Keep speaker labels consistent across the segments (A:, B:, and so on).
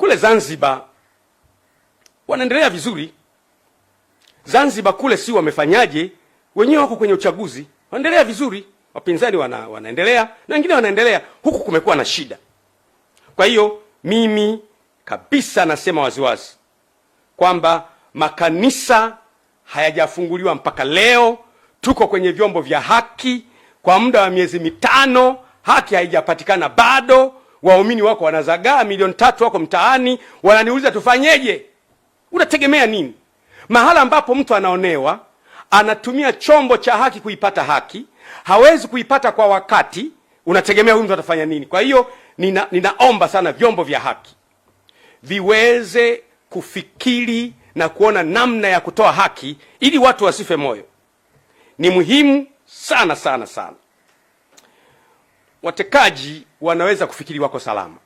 A: Kule Zanzibar wanaendelea vizuri. Zanzibar kule si wamefanyaje? Wenyewe wako kwenye uchaguzi, wanaendelea vizuri, wapinzani wana, wanaendelea na wengine wanaendelea. Huku kumekuwa na shida. Kwa hiyo mimi kabisa nasema waziwazi kwamba makanisa hayajafunguliwa mpaka leo. Tuko kwenye vyombo vya haki kwa muda wa miezi mitano, haki haijapatikana bado waumini wako wanazagaa, milioni tatu wako mtaani, wananiuliza tufanyeje? Unategemea nini? Mahala ambapo mtu anaonewa, anatumia chombo cha haki kuipata haki, hawezi kuipata kwa wakati, unategemea huyu mtu atafanya nini? Kwa hiyo nina, ninaomba sana vyombo vya haki viweze kufikiri na kuona namna ya kutoa haki ili watu wasife moyo. Ni muhimu sana sana sana watekaji wanaweza kufikiri wako salama.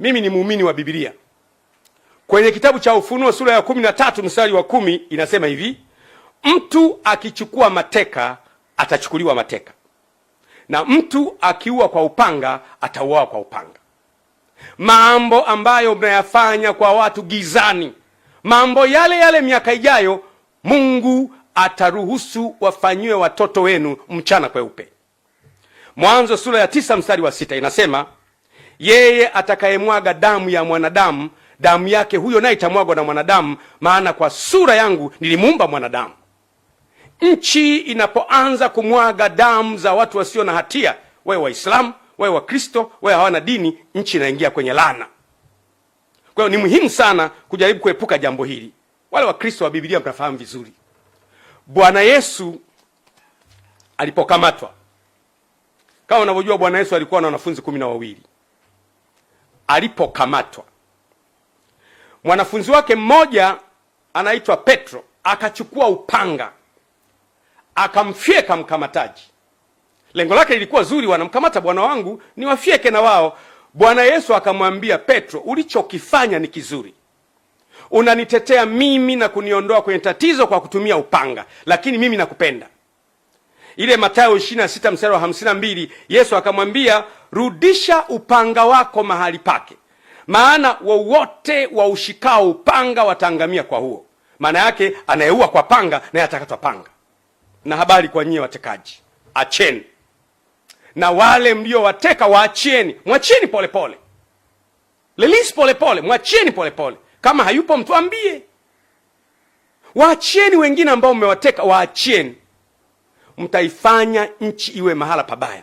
A: Mimi ni muumini wa Biblia. Kwenye kitabu cha Ufunuo sura ya kumi na tatu mstari wa kumi inasema hivi, mtu akichukua mateka atachukuliwa mateka, na mtu akiua kwa upanga atauawa kwa upanga. Mambo ambayo mnayafanya kwa watu gizani, mambo yale yale miaka ijayo Mungu ataruhusu wafanyiwe watoto wenu mchana kweupe. Mwanzo sura ya tisa mstari wa sita inasema, yeye atakayemwaga damu ya mwanadamu, damu yake huyo naye itamwagwa na mwanadamu, maana kwa sura yangu nilimuumba mwanadamu. Nchi inapoanza kumwaga damu za watu wasio na hatia, wewe Waislamu, wewe Wakristo, wewe hawana dini, nchi inaingia kwenye laana. Kwa hiyo ni muhimu sana kujaribu kuepuka jambo hili. Wale Wakristo wa Biblia mtafahamu vizuri, Bwana Yesu alipokamatwa kama unavyojua Bwana Yesu alikuwa na wanafunzi kumi na wawili. Alipokamatwa mwanafunzi wake mmoja anaitwa Petro akachukua upanga akamfyeka mkamataji. Lengo lake lilikuwa zuri, wanamkamata bwana wangu niwafyeke na wao. Bwana Yesu akamwambia Petro, ulichokifanya ni kizuri, unanitetea mimi na kuniondoa kwenye tatizo kwa kutumia upanga, lakini mimi nakupenda ile Mathayo 26 mstari wa 52, Yesu akamwambia, rudisha upanga wako mahali pake, maana wowote wa upanga wataangamia kwa huo. Maana yake anayeua kwa panga naye atakatwa panga. Na habari kwa nyie watekaji, acheni na wale mliowateka waachieni, mwachieni polepole, release polepole, mwachieni polepole. Kama hayupo mtuambie, waachieni. Wengine ambao mmewateka waachieni mtaifanya nchi iwe mahala pabaya.